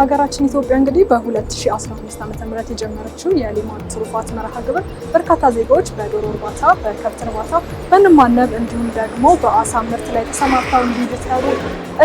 ሀገራችን ኢትዮጵያ እንግዲህ በ2015 ም የጀመረችው የሌማት ትሩፋት መርሃ ግብር በርካታ ዜጋዎች በዶሮ እርባታ፣ በከብት እርባታ፣ በንማነብ እንዲሁም ደግሞ በአሳ ምርት ላይ ተሰማርተው እንዲሰሩ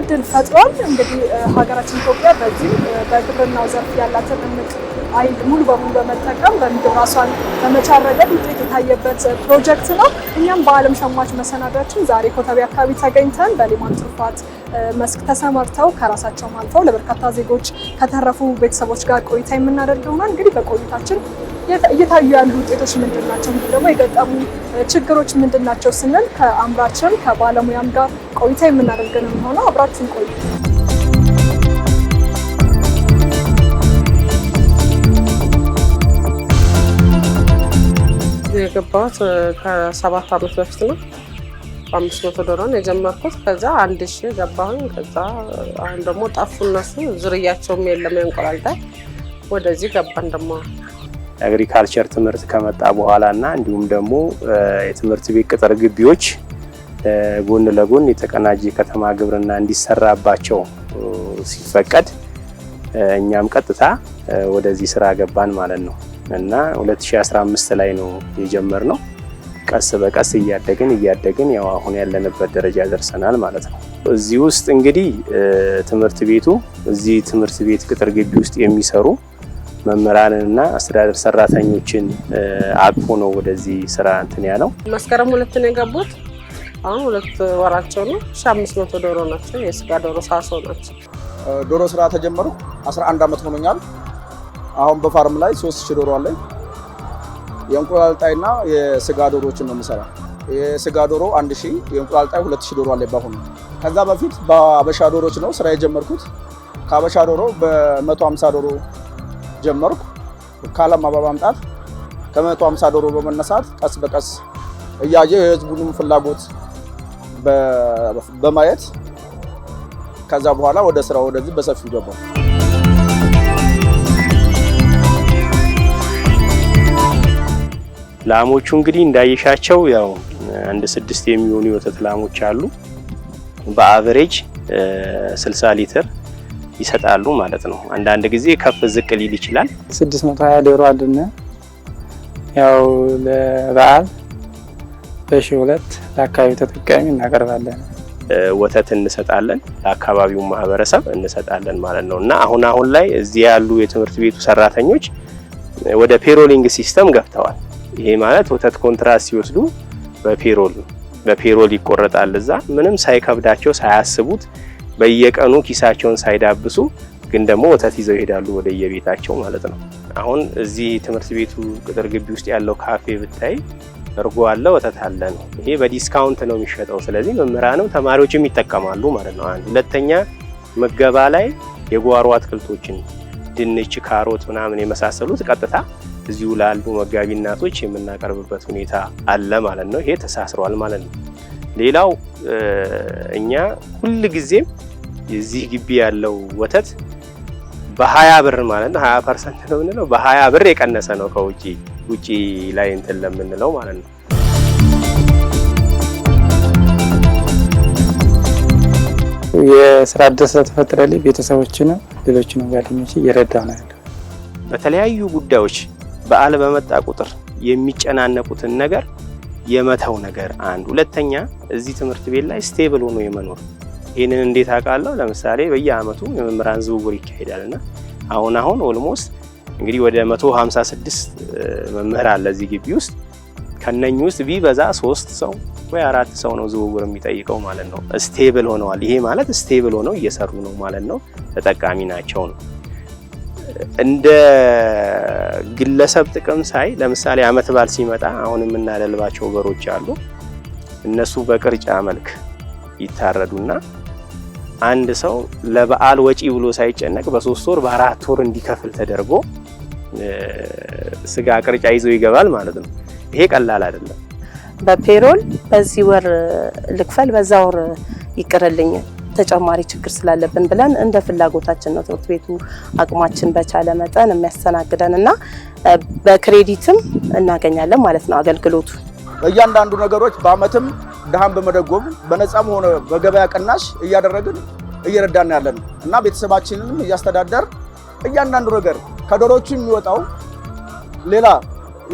እድል ፈጥሯል። እንግዲህ ሀገራችን ኢትዮጵያ በዚህ በግብርናው ዘርፍ ያላትን እምቅ አይል ሙሉ በሙሉ በመጠቀም በምግብ ራሷን በመቻል ረገድ ውጤት የታየበት ፕሮጀክት ነው። እኛም በዓለም ሸማች መሰናዳችን ዛሬ ኮተቤ አካባቢ ተገኝተን በሌማት ትሩፋት መስክ ተሰማርተው ከራሳቸውም አልፈው ለበርካታ ዜጎች ከተረፉ ቤተሰቦች ጋር ቆይታ የምናደርገው ሆኗል። እንግዲህ በቆይታችን እየታዩ ያሉ ውጤቶች ምንድን ናቸው፣ እንዲሁም ደግሞ የገጠሙ ችግሮች ምንድን ናቸው ስንል ከአምራችም ከባለሙያም ጋር ቆይታ የምናደርገን የሚሆነው። አብራችን ቆዩ። የገባሁት ከሰባት ዓመት በፊት ነው። አምስት መቶ ዶሮ ነው የጀመርኩት። ከዛ አንድ ሺ ገባሁኝ። ከዛ አሁን ደግሞ ጠፉ እነሱ ዝርያቸውም የለም የእንቁላልዳይ ወደዚህ ገባን ደሞ የአግሪካልቸር ትምህርት ከመጣ በኋላ እና እንዲሁም ደግሞ የትምህርት ቤት ቅጥር ግቢዎች ጎን ለጎን የተቀናጀ ከተማ ግብርና እንዲሰራባቸው ሲፈቀድ እኛም ቀጥታ ወደዚህ ስራ ገባን ማለት ነው። እና 2015 ላይ ነው የጀመርነው። ቀስ በቀስ እያደግን እያደግን ያው አሁን ያለንበት ደረጃ ደርሰናል ማለት ነው። እዚህ ውስጥ እንግዲህ ትምህርት ቤቱ እዚህ ትምህርት ቤት ቅጥር ግቢ ውስጥ የሚሰሩ መምህራንና አስተዳደር ሰራተኞችን አቅፎ ነው ወደዚህ ስራ እንትን ያለው። መስከረም ሁለት ነው የገቡት። አሁን ሁለት ወራቸው ነው። ሺ አምስት መቶ ዶሮ ናቸው። የስጋ ዶሮ ሳሶ ናቸው። ዶሮ ስራ ተጀመሩ 11 ዓመት ሆኖኛል። አሁን በፋርም ላይ ሶስት ሺህ ዶሮ አለኝ። የእንቁላል ጣይና የስጋ ዶሮዎችን ነው የምሰራ። የስጋ ዶሮ አንድ ሺህ የእንቁላል ጣይ ሁለት ሺህ ዶሮ አለኝ በአሁኑ። ከዛ በፊት በአበሻ ዶሮዎች ነው ስራ የጀመርኩት። ከአበሻ ዶሮ በ150 ዶሮ ጀመርኩ ከአላማ በማምጣት ከ150 ዶሮ በመነሳት ቀስ በቀስ እያየ የህዝቡንም ፍላጎት በማየት ከዛ በኋላ ወደ ስራ ወደዚህ በሰፊው ገባሁ። ላሞቹ እንግዲህ እንዳየሻቸው ያው አንድ ስድስት የሚሆኑ የወተት ላሞች አሉ። በአቨሬጅ 60 ሊትር ይሰጣሉ ማለት ነው። አንዳንድ ጊዜ ከፍ ዝቅ ሊል ይችላል። 620 ዶሮ አሉና ያው ለበዓል በሺ ሁለት ለአካባቢው ተጠቃሚ እናቀርባለን። ወተት እንሰጣለን፣ ለአካባቢው ማህበረሰብ እንሰጣለን ማለት ነው እና አሁን አሁን ላይ እዚህ ያሉ የትምህርት ቤቱ ሰራተኞች ወደ ፔሮሊንግ ሲስተም ገብተዋል። ይሄ ማለት ወተት ኮንትራት ሲወስዱ በፔሮል በፔሮል ይቆረጣል። እዛ ምንም ሳይከብዳቸው ሳያስቡት በየቀኑ ኪሳቸውን ሳይዳብሱ ግን ደግሞ ወተት ይዘው ይሄዳሉ ወደ የቤታቸው ማለት ነው። አሁን እዚህ ትምህርት ቤቱ ቅጥር ግቢ ውስጥ ያለው ካፌ ብታይ እርጎ አለ፣ ወተት አለ ነው። ይሄ በዲስካውንት ነው የሚሸጠው። ስለዚህ መምህራንም ተማሪዎችም ይጠቀማሉ ማለት ነው። አንድ ሁለተኛ ምገባ ላይ የጓሮ አትክልቶችን ድንች፣ ካሮት ምናምን የመሳሰሉት ቀጥታ እዚሁ ላሉ መጋቢ እናቶች የምናቀርብበት ሁኔታ አለ ማለት ነው። ይሄ ተሳስሯል ማለት ነው። ሌላው እኛ ሁል ጊዜም የዚህ ግቢ ያለው ወተት በሀያ ብር ማለት ነው ሀያ ፐርሰንት ነው የምንለው በሀያ ብር የቀነሰ ነው ከውጭ ውጭ ላይ እንትን ለምንለው ማለት ነው። የስራ እድል ስለተፈጠረልኝ ቤተሰቦችን ሌሎችን ጓደኞች እየረዳ ነው ያለው በተለያዩ ጉዳዮች በዓል በመጣ ቁጥር የሚጨናነቁትን ነገር የመተው ነገር አንድ። ሁለተኛ እዚህ ትምህርት ቤት ላይ ስቴብል ሆኖ የመኖር ይህንን እንዴት አውቃለሁ? ለምሳሌ በየአመቱ የመምህራን ዝውውር ይካሄዳል እና አሁን አሁን ኦልሞስት እንግዲህ ወደ 156 መምህር አለ እዚህ ግቢ ውስጥ። ከነኝ ውስጥ ቢበዛ ሶስት ሰው ወይ አራት ሰው ነው ዝውውር የሚጠይቀው ማለት ነው። ስቴብል ሆነዋል። ይሄ ማለት ስቴብል ሆነው እየሰሩ ነው ማለት ነው። ተጠቃሚ ናቸው ነው። እንደ ግለሰብ ጥቅም ሳይ ለምሳሌ አመት በዓል ሲመጣ አሁን የምናደልባቸው በሮች አሉ። እነሱ በቅርጫ መልክ ይታረዱና አንድ ሰው ለበዓል ወጪ ብሎ ሳይጨነቅ በሶስት ወር በአራት ወር እንዲከፍል ተደርጎ ስጋ ቅርጫ ይዞ ይገባል ማለት ነው። ይሄ ቀላል አይደለም። በፔሮል በዚህ ወር ልክፈል፣ በዛ ወር ይቅርልኛል ተጨማሪ ችግር ስላለብን ብለን እንደ ፍላጎታችን ነው ትምህርት ቤቱ አቅማችን በቻለ መጠን የሚያስተናግደን እና በክሬዲትም እናገኛለን ማለት ነው አገልግሎቱ። እያንዳንዱ ነገሮች በአመትም ድሃን በመደጎም በነፃም ሆነ በገበያ ቅናሽ እያደረግን እየረዳን ያለን እና ቤተሰባችንንም እያስተዳደር እያንዳንዱ ነገር ከዶሮቹ የሚወጣው ሌላ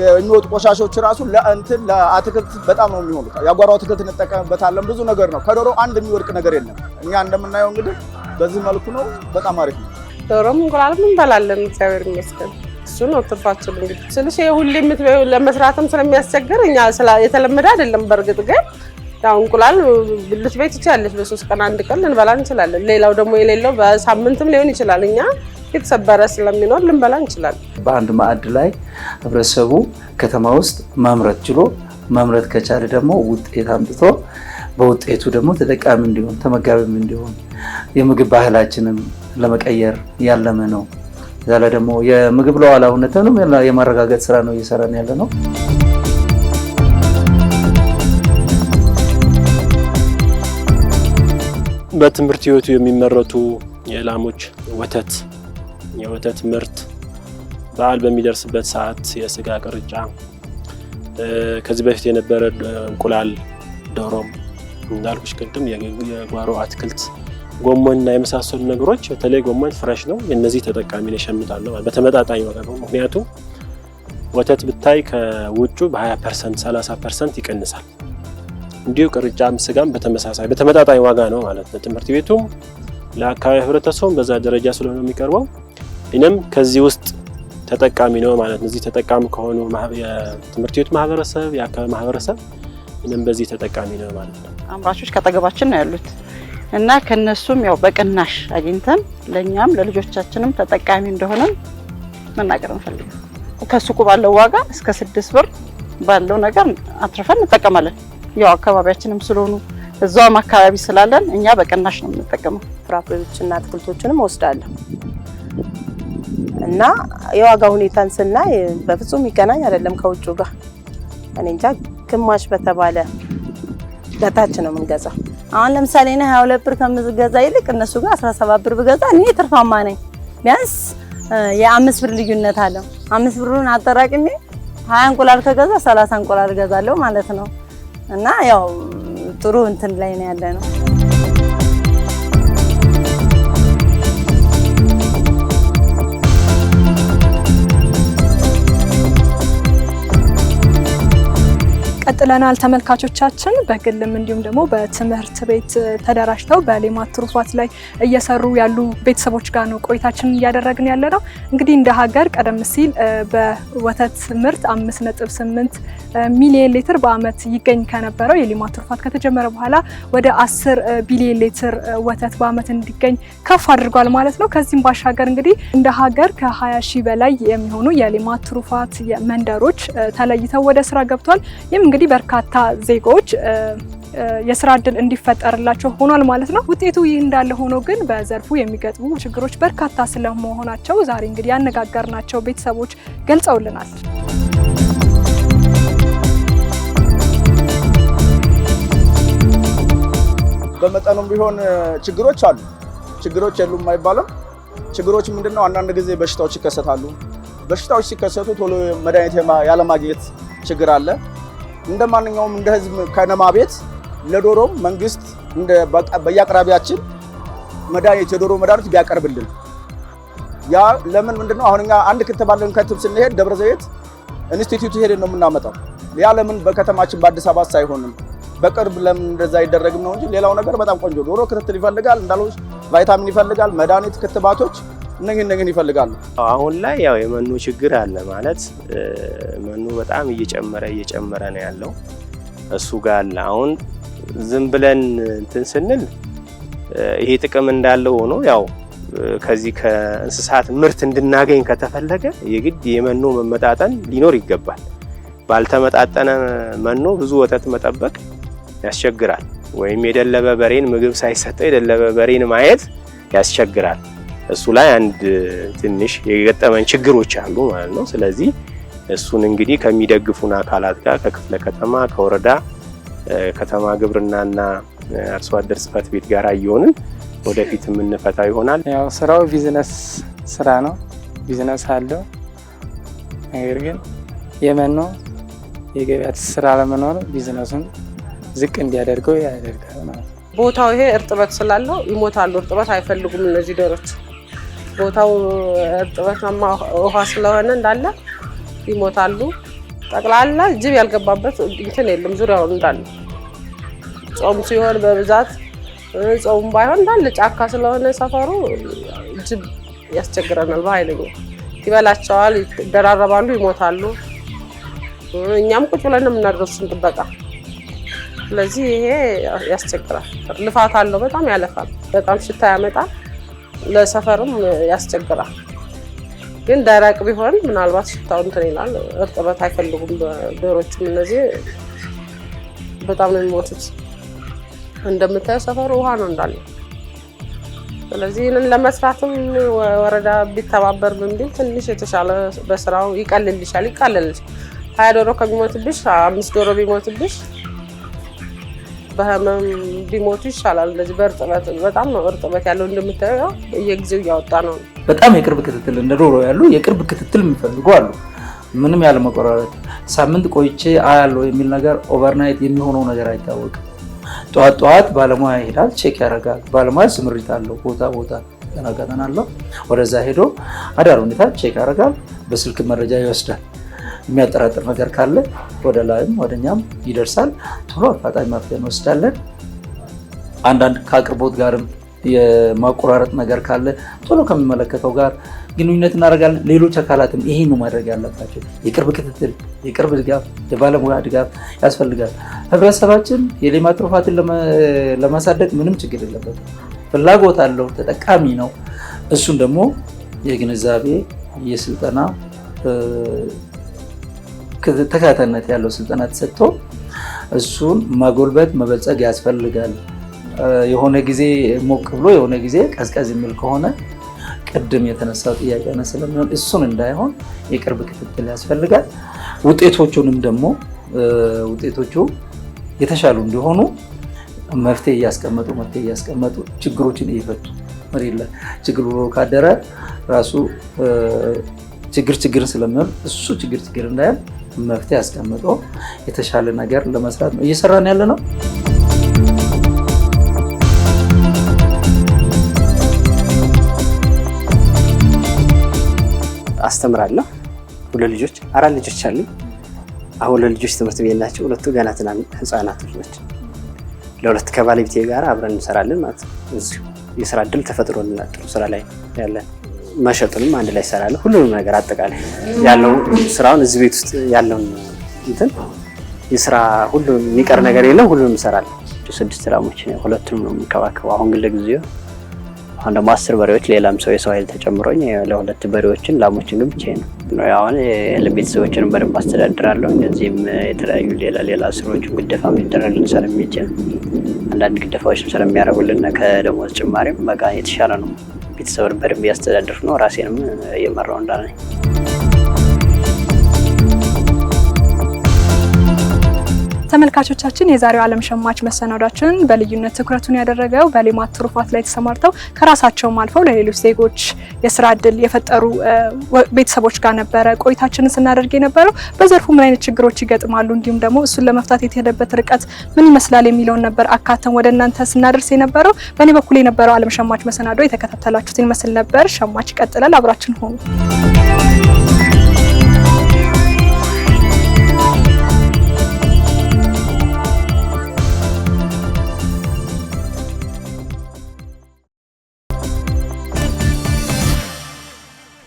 የሚወጡ ቆሻሾች ራሱ ለእንትን ለአትክልት በጣም ነው የሚሆኑት። የጓሮ አትክልት እንጠቀምበታለን። ብዙ ነገር ነው። ከዶሮ አንድ የሚወድቅ ነገር የለም። እኛ እንደምናየው እንግዲህ በዚህ መልኩ ነው። በጣም አሪፍ ነው። ዶሮም እንቁላልም እንበላለን። እግዚአብሔር ይመስገን። እሱ ነው ትርፋችን። እንግዲህ ስልሽ ሁሌ ለመስራትም ስለሚያስቸግር እኛ የተለመደ አይደለም። በእርግጥ ግን ያው እንቁላል ብልት ቤት ይቻለች በሶስት ቀን አንድ ቀን ልንበላ እንችላለን። ሌላው ደግሞ የሌለው በሳምንትም ሊሆን ይችላል እኛ የተሰበረ ስለሚኖር ልንበላ እንችላለን። በአንድ ማዕድ ላይ ህብረተሰቡ ከተማ ውስጥ ማምረት ችሎ ማምረት ከቻለ ደግሞ ውጤት አምጥቶ በውጤቱ ደግሞ ተጠቃሚ እንዲሆን ተመጋቢም እንዲሆን የምግብ ባህላችንም ለመቀየር ያለመ ነው። እዛ ላይ ደግሞ የምግብ ሉዓላዊነትን የማረጋገጥ ስራ ነው እየሰራን ያለ ነው። በትምህርት ህይወቱ የሚመረቱ የላሞች ወተት የወተት ምርት፣ በዓል በሚደርስበት ሰዓት የስጋ ቅርጫ፣ ከዚህ በፊት የነበረ እንቁላል፣ ዶሮም እንዳልኩሽ ቅድም የጓሮ አትክልት ጎመን እና የመሳሰሉ ነገሮች በተለይ ጎመን ፍረሽ ነው። የነዚህ ተጠቃሚ ነው ይሸምጣሉ በተመጣጣኝ ዋጋ ምክንያቱም ወተት ብታይ ከውጩ በ20 ፐርሰንት 30 ፐርሰንት ይቀንሳል። እንዲሁ ቅርጫም ስጋም በተመሳሳይ በተመጣጣኝ ዋጋ ነው ማለት ነው። ትምህርት ቤቱም ለአካባቢ ህብረተሰቡም በዛ ደረጃ ስለሆነ የሚቀርበው እኔም ከዚህ ውስጥ ተጠቃሚ ነው ማለት ነው። እዚህ ተጠቃሚ ከሆኑ የትምህርት ቤት ማህበረሰብ፣ የአካባቢ ማህበረሰብ እኔም በዚህ ተጠቃሚ ነው ማለት ነው። አምራቾች ከአጠገባችን ነው ያሉት እና ከነሱም ያው በቅናሽ አግኝተን ለእኛም ለልጆቻችንም ተጠቃሚ እንደሆነን መናገር እንፈልግ። ከሱቁ ባለው ዋጋ እስከ ስድስት ብር ባለው ነገር አትርፈን እንጠቀማለን። ያው አካባቢያችንም ስለሆኑ እዛውም አካባቢ ስላለን እኛ በቅናሽ ነው የምንጠቀመው። ፍራፍሬዎችና አትክልቶችንም ወስዳለሁ። እና የዋጋ ሁኔታን ስናይ በፍጹም ይገናኝ አይደለም ከውጭ ጋር። እኔ እንጃ ግማሽ በተባለ በታች ነው የምንገዛው። አሁን ለምሳሌ እኔ 22 ብር ከምገዛ ይልቅ እነሱ ጋር 17 ብር ብገዛ እኔ ትርፋማ ነኝ። ቢያንስ የአምስት ብር ልዩነት አለው። አምስት ብሩን አጠራቅሜ ሀያ እንቁላል ከገዛ ሰላሳ እንቁላል እገዛለሁ ማለት ነው። እና ያው ጥሩ እንትን ላይ ነው ያለ ነው። ቀጥለናል ተመልካቾቻችን። በግልም እንዲሁም ደግሞ በትምህርት ቤት ተደራጅተው በሌማት ትሩፋት ላይ እየሰሩ ያሉ ቤተሰቦች ጋር ነው ቆይታችን እያደረግን ያለ ነው። እንግዲህ እንደ ሀገር ቀደም ሲል በወተት ምርት 58 ሚሊዮን ሊትር በአመት ይገኝ ከነበረው የሌማት ትሩፋት ከተጀመረ በኋላ ወደ 10 ቢሊዮን ሊትር ወተት በዓመት እንዲገኝ ከፍ አድርጓል ማለት ነው። ከዚህም ባሻገር እንግዲህ እንደ ሀገር ከ20 ሺህ በላይ የሚሆኑ የሌማት ትሩፋት መንደሮች ተለይተው ወደ ስራ ገብቷል። ይህም እንግዲህ በርካታ ዜጎች የስራ እድል እንዲፈጠርላቸው ሆኗል ማለት ነው። ውጤቱ ይህ እንዳለ ሆኖ ግን በዘርፉ የሚገጥሙ ችግሮች በርካታ ስለመሆናቸው ዛሬ እንግዲህ ያነጋገርናቸው ቤተሰቦች ገልጸውልናል። በመጠኑም ቢሆን ችግሮች አሉ። ችግሮች የሉም አይባልም። ችግሮች ምንድነው አንዳንድ ጊዜ በሽታዎች ይከሰታሉ። በሽታዎች ሲከሰቱ ቶሎ መድኃኒት ያለማግኘት ችግር አለ። እንደ ማንኛውም እንደ ህዝብ ከነማ ቤት ለዶሮም መንግስት በየአቅራቢያችን መድኃኒት የዶሮ መድኃኒት ቢያቀርብልን ያ ለምን ምንድን ነው አሁን እኛ አንድ ክትባለን ከትብ ስንሄድ ደብረዘይት ኢንስቲትዩት ሄደን ነው የምናመጣው። ያ ለምን በከተማችን በአዲስ አበባ ሳይሆንም በቅርብ ለምን እንደዛ አይደረግም ነው እንጂ ሌላው ነገር በጣም ቆንጆ ዶሮ ክትትል ይፈልጋል እንዳልሆች ቫይታሚን ይፈልጋል፣ መድኃኒት፣ ክትባቶች እነኝህ እነኝህን ይፈልጋሉ። አሁን ላይ ያው የመኖ ችግር አለ ማለት መኖ በጣም እየጨመረ እየጨመረ ነው ያለው እሱ ጋር አለ። አሁን ዝም ብለን እንትን ስንል ይሄ ጥቅም እንዳለው ሆኖ ያው ከዚህ ከእንስሳት ምርት እንድናገኝ ከተፈለገ የግድ የመኖ መመጣጠን ሊኖር ይገባል። ባልተመጣጠነ መኖ ብዙ ወተት መጠበቅ ያስቸግራል። ወይም የደለበ በሬን ምግብ ሳይሰጠው የደለበ በሬን ማየት ያስቸግራል። እሱ ላይ አንድ ትንሽ የገጠመን ችግሮች አሉ ማለት ነው። ስለዚህ እሱን እንግዲህ ከሚደግፉን አካላት ጋር ከክፍለ ከተማ፣ ከወረዳ ከተማ ግብርናና አርሶ አደር ጽሕፈት ቤት ጋር እየሆንን ወደፊት የምንፈታው ይሆናል። ያው ስራው ቢዝነስ ስራ ነው፣ ቢዝነስ አለው። ነገር ግን የመኖ የገበያ ትስስር አለመኖር ቢዝነሱን ዝቅ እንዲያደርገው ያደርጋል ማለት ነው። ቦታው ይሄ እርጥበት ስላለው ይሞታሉ። እርጥበት አይፈልጉም እነዚህ ደሮች። ቦታው እርጥበታማ ውሃ ስለሆነ እንዳለ ይሞታሉ። ጠቅላላ ጅብ ያልገባበት እንትን የለም። ዙሪያውን እንዳለ ጾም ሲሆን በብዛት ጾም ባይሆን እንዳለ ጫካ ስለሆነ ሰፈሩ ጅብ ያስቸግረናል። በኃይለኛ ይበላቸዋል፣ ይደራረባሉ፣ ይሞታሉ። እኛም ቁጭ ብለን የምናደርሱን ጥበቃ። ስለዚህ ይሄ ያስቸግራል። ልፋት አለው፣ በጣም ያለፋል፣ በጣም ሽታ ያመጣል። ለሰፈርም ያስቸግራል። ግን ደረቅ ቢሆን ምናልባት ሽታው እንትን ይላል። እርጥበት አይፈልጉም ዶሮችም። እነዚህ በጣም ነው የሚሞቱት። እንደምታየው ሰፈሩ ውሃ ነው እንዳለ። ስለዚህ ይህንን ለመስራትም ወረዳ ቢተባበር ብንቢል ትንሽ የተሻለ በስራው ይቀልልሻል፣ ይቀልልሻል። ሀያ ዶሮ ከሚሞትብሽ አምስት ዶሮ ቢሞትብሽ በህመም ቢሞቱ ይሻላል። እንደዚህ በእርጥበት በጣም ነው እርጥበት ያለው እንደምታየው እየጊዜው እያወጣ ነው። በጣም የቅርብ ክትትል እንደ ዶሮ ያሉ የቅርብ ክትትል የሚፈልጉ አሉ። ምንም ያለ መቆራረጥ ሳምንት ቆይቼ አያለው የሚል ነገር ኦቨርናይት የሚሆነው ነገር አይታወቅም። ጠዋት ጠዋት ባለሙያ ይሄዳል፣ ቼክ ያደርጋል። ባለሙያ ስምሪት አለው ቦታ ቦታ ቀጠና ቀጠና አለው። ወደዛ ሄዶ አዳር ሁኔታ ቼክ ያደርጋል፣ በስልክ መረጃ ይወስዳል። የሚያጠራጥር ነገር ካለ ወደ ላይም ወደኛም ይደርሳል። ቶሎ አፋጣኝ መፍትሄ እንወስዳለን። አንዳንድ ከአቅርቦት ጋርም የማቆራረጥ ነገር ካለ ቶሎ ከሚመለከተው ጋር ግንኙነት እናደርጋለን። ሌሎች አካላትም ይሄ ነው ማድረግ ያለባቸው። የቅርብ ክትትል፣ የቅርብ ድጋፍ፣ የባለሙያ ድጋፍ ያስፈልጋል። ህብረተሰባችን የሌማት ትሩፋትን ለማሳደግ ምንም ችግር የለበትም። ፍላጎት አለው፣ ተጠቃሚ ነው። እሱን ደግሞ የግንዛቤ የስልጠና ተከታታይነት ያለው ስልጠና ተሰጥቶ እሱን ማጎልበት መበልጸግ ያስፈልጋል። የሆነ ጊዜ ሞቅ ብሎ የሆነ ጊዜ ቀዝቀዝ የሚል ከሆነ ቅድም የተነሳው ጥያቄ አይነት ስለሚሆን እሱን እንዳይሆን የቅርብ ክትትል ያስፈልጋል። ውጤቶቹንም ደግሞ ውጤቶቹ የተሻሉ እንዲሆኑ መፍትሄ እያስቀመጡ መፍትሄ እያስቀመጡ ችግሮችን እየፈቱ መሬት ችግር ብሎ ካደረ ራሱ ችግር ችግር ስለሚሆን እሱ ችግር ችግር እንዳያል መፍትሄ አስቀምጦ የተሻለ ነገር ለመስራት ነው እየሰራን ያለ ነው። አስተምራለሁ። ሁለት ልጆች አራት ልጆች አሉ። አሁን ሁለት ልጆች ትምህርት ቤት ናቸው። ሁለቱ ገና ትናንት ህፃናቶች ናቸው። ለሁለት ከባለቤቴ ጋር አብረን እንሰራለን ማለት ነው። እዚሁ የስራ እድል ተፈጥሮልናል። ጥሩ ስራ ላይ ያለን መሸጥንም አንድ ላይ እሰራለሁ። ሁሉንም ነገር አጠቃላይ ያለው ስራውን እዚህ ቤት ውስጥ ያለውን እንትን የስራ ሁሉ የሚቀር ነገር የለም። ሁሉንም እሰራለሁ። ስድስት ላሞች ሁለቱንም ነው የምንከባከበው። አሁን ግን ለጊዜው አሁን ደግሞ አስር በሬዎች ሌላም ሰው የሰው ኃይል ተጨምሮኝ ለሁለት በሬዎችን ላሞችን ግን ብቻዬን ነው። አሁን ለቤተሰቦችን በደንብ አስተዳድራለሁ። እንደዚህም የተለያዩ ሌላ ሌላ ስሮች ግደፋ ሊደረግልን ስለሚችል አንዳንድ ግደፋዎችም ስለሚያደርጉልን ከደሞዝ ጭማሪም በቃ የተሻለ ነው። ቤተሰብን በደንብ የሚያስተዳድር ነው። ራሴንም እየመራው እንዳለኝ ተመልካቾቻችን የዛሬው ዓለም ሸማች መሰናዷችን በልዩነት ትኩረቱን ያደረገው በሌማት ትሩፋት ላይ ተሰማርተው ከራሳቸውም አልፈው ለሌሎች ዜጎች የስራ እድል የፈጠሩ ቤተሰቦች ጋር ነበረ ቆይታችንን ስናደርግ የነበረው። በዘርፉ ምን አይነት ችግሮች ይገጥማሉ፣ እንዲሁም ደግሞ እሱን ለመፍታት የተሄደበት ርቀት ምን ይመስላል የሚለውን ነበር አካተን ወደ እናንተ ስናደርስ የነበረው። በእኔ በኩል የነበረው ዓለም ሸማች መሰናዶ የተከታተላችሁትን ይመስል ነበር። ሸማች ይቀጥላል። አብራችን ሆኑ።